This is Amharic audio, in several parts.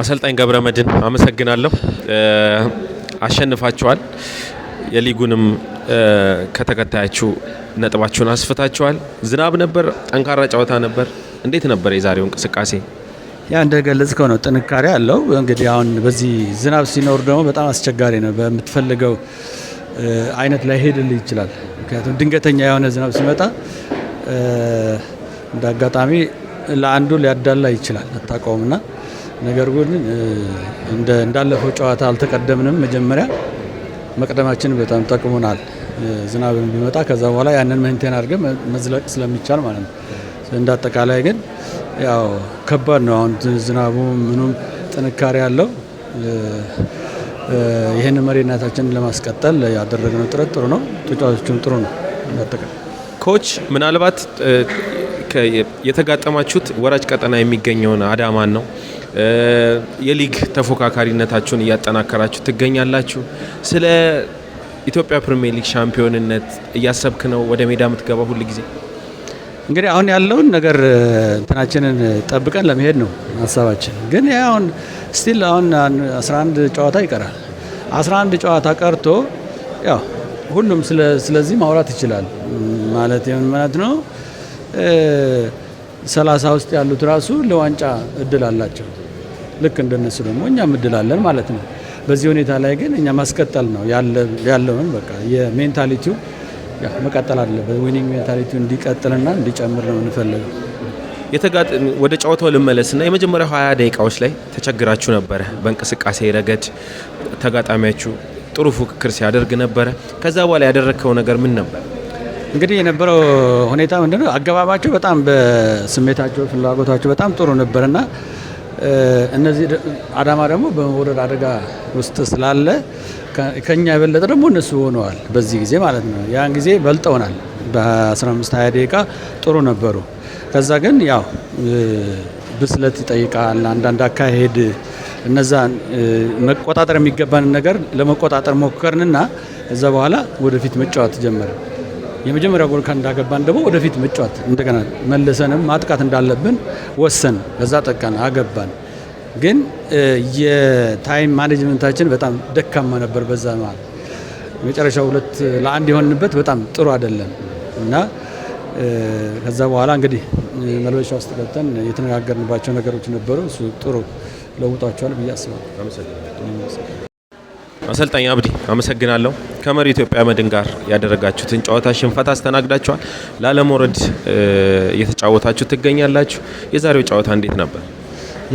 አሰልጣኝ ገብረ መድን አመሰግናለሁ። አሸንፋችኋል። የሊጉንም ከተከታያችሁ ነጥባችሁን አስፍታችኋል። ዝናብ ነበር፣ ጠንካራ ጨዋታ ነበር። እንዴት ነበር የዛሬው እንቅስቃሴ? ያ እንደገለጽከው ነው፣ ጥንካሬ አለው። እንግዲህ አሁን በዚህ ዝናብ ሲኖር ደግሞ በጣም አስቸጋሪ ነው። በምትፈልገው አይነት ላይ ይችላል። ምክንያቱም ድንገተኛ የሆነ ዝናብ ሲመጣ እንደ አጋጣሚ ለአንዱ ሊያዳላ ይችላል፣ አታውቀውምና ነገር ግን እንዳለፈው ጨዋታ አልተቀደምንም። መጀመሪያ መቅደማችን በጣም ጠቅሞናል። ዝናብን ቢመጣ ከዛ በኋላ ያንን መንቴን አድርገን መዝለቅ ስለሚቻል ማለት ነው። እንዳጠቃላይ አጠቃላይ ግን ያው ከባድ ነው። አሁን ዝናቡ ምኑም ጥንካሬ አለው። ይህን መሪነታችንን ለማስቀጠል ያደረግነው ጥረት ጥሩ ነው። ተጫዋቾቹም ጥሩ ነው። ኮች ምናልባት የተጋጠማችሁት ወራጅ ቀጠና የሚገኘውን አዳማን ነው። የሊግ ተፎካካሪነታችሁን እያጠናከራችሁ ትገኛላችሁ። ስለ ኢትዮጵያ ፕሪሚየር ሊግ ሻምፒዮንነት እያሰብክ ነው ወደ ሜዳ የምትገባ ሁል ጊዜ? እንግዲህ አሁን ያለውን ነገር እንትናችንን ጠብቀን ለመሄድ ነው ሀሳባችን። ግን አሁን ስቲል አሁን 11 ጨዋታ ይቀራል። 11 ጨዋታ ቀርቶ ያው ሁሉም ስለዚህ ማውራት ይችላል ማለት ነው ሰላሳ ውስጥ ያሉት ራሱ ለዋንጫ እድል አላቸው። ልክ እንደነሱ ደግሞ እኛም እድል አለን ማለት ነው። በዚህ ሁኔታ ላይ ግን እኛ ማስቀጠል ነው ያለውን በቃ የሜንታሊቲው መቀጠል አለበት። ዊኒንግ ሜንታሊቲው እንዲቀጥልና እንዲጨምር ነው እንፈልገው። ወደ ጨዋታው ልመለስና የመጀመሪያው ሀያ ደቂቃዎች ላይ ተቸግራችሁ ነበረ። በእንቅስቃሴ ረገድ ተጋጣሚያችሁ ጥሩ ፉክክር ሲያደርግ ነበረ። ከዛ በኋላ ያደረግከው ነገር ምን ነበር? እንግዲህ የነበረው ሁኔታ ምንድነው? አገባባቸው በጣም በስሜታቸው ፍላጎታቸው በጣም ጥሩ ነበርና እነዚህ አዳማ ደግሞ በመውረድ አደጋ ውስጥ ስላለ ከኛ የበለጠ ደግሞ እነሱ ሆነዋል። በዚህ ጊዜ ማለት ነው። ያን ጊዜ በልጠውናል በ15 20 ደቂቃ ጥሩ ነበሩ። ከዛ ግን ያው ብስለት ይጠይቃል አንዳንድ አካሄድ እነዛ መቆጣጠር የሚገባንን ነገር ለመቆጣጠር ሞከርንና እዛ በኋላ ወደፊት መጫወት ጀመርን። የመጀመሪያ ጎል እንዳገባን ደግሞ ወደፊት መጫወት እንደገና መልሰንም ማጥቃት እንዳለብን ወሰን፣ በዛ ጠቀን አገባን። ግን የታይም ማኔጅመንታችን በጣም ደካማ ነበር። በዛ መሀል የመጨረሻ ሁለት ለአንድ የሆንንበት በጣም ጥሩ አይደለም እና ከዛ በኋላ እንግዲህ መልበሻ ውስጥ ገብተን የተነጋገርንባቸው ነገሮች ነበሩ። እሱ ጥሩ ለውጧቸዋል ብዬ አስባለሁ። አሰልጣኝ አብዲ አመሰግናለሁ። ከመሪ ኢትዮጵያ መድን ጋር ያደረጋችሁትን ጨዋታ ሽንፈት አስተናግዳችኋል። ላለመውረድ እየተጫወታችሁ ትገኛላችሁ። የዛሬው ጨዋታ እንዴት ነበር?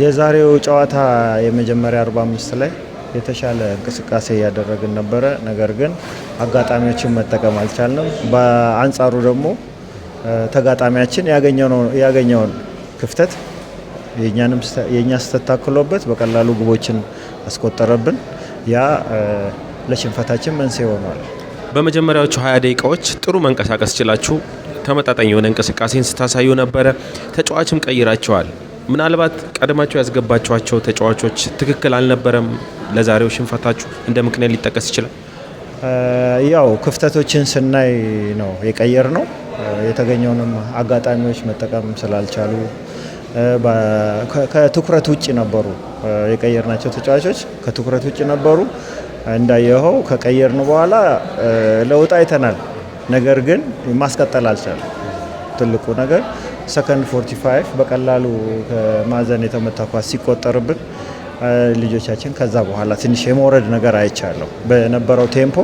የዛሬው ጨዋታ የመጀመሪያ 45 ላይ የተሻለ እንቅስቃሴ እያደረግን ነበረ። ነገር ግን አጋጣሚዎችን መጠቀም አልቻልንም። በአንጻሩ ደግሞ ተጋጣሚያችን ያገኘውን ክፍተት የእኛ ስህተት ታክሎበት በቀላሉ ግቦችን አስቆጠረብን። ያ ለሽንፈታችን መንስኤ ሆኗል። በመጀመሪያዎቹ 20 ደቂቃዎች ጥሩ መንቀሳቀስ ችላችሁ ተመጣጣኝ የሆነ እንቅስቃሴን ስታሳዩ ነበረ። ተጫዋችም ቀይራቸዋል። ምናልባት ቀድማቸው ያስገባቸዋቸው ተጫዋቾች ትክክል አልነበረም። ለዛሬው ሽንፈታችሁ እንደ ምክንያት ሊጠቀስ ይችላል። ያው ክፍተቶችን ስናይ ነው የቀየር ነው። የተገኘውንም አጋጣሚዎች መጠቀም ስላልቻሉ ከትኩረት ውጭ ነበሩ የቀየርናቸው ተጫዋቾች ከትኩረት ውጭ ነበሩ። እንዳየኸው ከቀየርን በኋላ ለውጥ አይተናል። ነገር ግን ማስቀጠል አልቻለም። ትልቁ ነገር ሰከንድ 45 በቀላሉ ከማዕዘን የተመታ ኳስ ሲቆጠርብን ልጆቻችን ከዛ በኋላ ትንሽ የመውረድ ነገር አይቻለሁ በነበረው ቴምፖ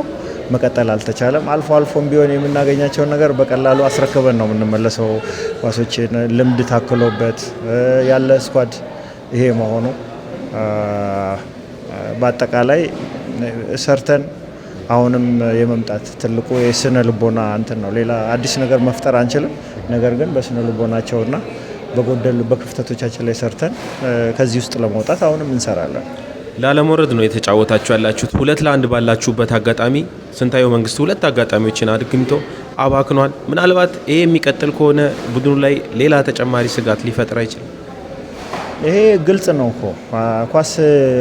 መቀጠል አልተቻለም። አልፎ አልፎም ቢሆን የምናገኛቸውን ነገር በቀላሉ አስረክበን ነው የምንመለሰው። ኳሶችን ልምድ ታክሎበት ያለ ስኳድ ይሄ መሆኑ በአጠቃላይ ሰርተን አሁንም የመምጣት ትልቁ የስነ ልቦና እንትን ነው። ሌላ አዲስ ነገር መፍጠር አንችልም። ነገር ግን በስነ ልቦናቸውና በጎደሉ በክፍተቶቻችን ላይ ሰርተን ከዚህ ውስጥ ለመውጣት አሁንም እንሰራለን። ላለመውረድ ነው የተጫወታችሁ ያላችሁት። ሁለት ለአንድ ባላችሁበት አጋጣሚ ስንታየው መንግስት ሁለት አጋጣሚዎችን አድግምቶ አባክኗል። ምናልባት ይሄ የሚቀጥል ከሆነ ቡድኑ ላይ ሌላ ተጨማሪ ስጋት ሊፈጥር አይችልም። ይሄ ግልጽ ነው እኮ ኳስ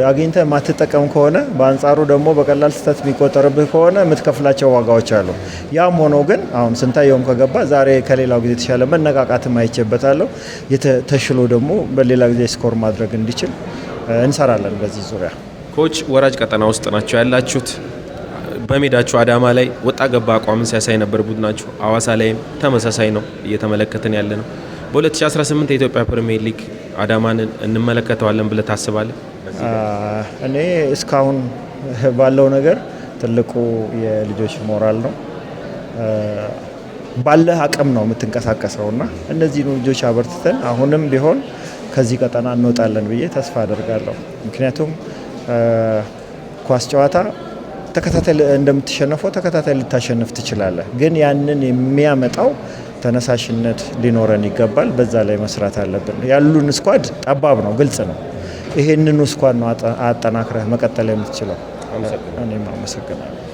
አግኝተ ማትጠቀም ከሆነ በአንጻሩ ደግሞ በቀላል ስህተት የሚቆጠርብህ ከሆነ የምትከፍላቸው ዋጋዎች አሉ። ያም ሆኖ ግን አሁን ስንታየውም ከገባ ዛሬ ከሌላው ጊዜ የተሻለ መነቃቃትም አይቼበታለሁ። የተሽሎ ደግሞ በሌላ ጊዜ ስኮር ማድረግ እንዲችል እንሰራለን በዚህ ዙሪያ። ኮች ወራጅ ቀጠና ውስጥ ናቸው ያላችሁት። በሜዳችሁ አዳማ ላይ ወጣ ገባ አቋምን ሲያሳይ ነበር ቡድናችሁ። አዋሳ ላይም ተመሳሳይ ነው እየተመለከትን ያለ ነው። በ2018 የኢትዮጵያ ፕሪሚየር ሊግ አዳማን እንመለከተዋለን ብለህ ታስባለህ? እኔ እስካሁን ባለው ነገር ትልቁ የልጆች ሞራል ነው። ባለህ አቅም ነው የምትንቀሳቀሰው እና እነዚህን ልጆች አበርትተን አሁንም ቢሆን ከዚህ ቀጠና እንወጣለን ብዬ ተስፋ አደርጋለሁ። ምክንያቱም ኳስ ጨዋታ ተከታታይ እንደምትሸነፈው ተከታታይ ልታሸንፍ ትችላለህ፣ ግን ያንን የሚያመጣው ተነሳሽነት ሊኖረን ይገባል። በዛ ላይ መስራት አለብን። ያሉን ስኳድ ጠባብ ነው፣ ግልጽ ነው። ይህንን ስኳድ ነው አጠናክረህ መቀጠል የምትችለው። እኔም አመሰግናለሁ።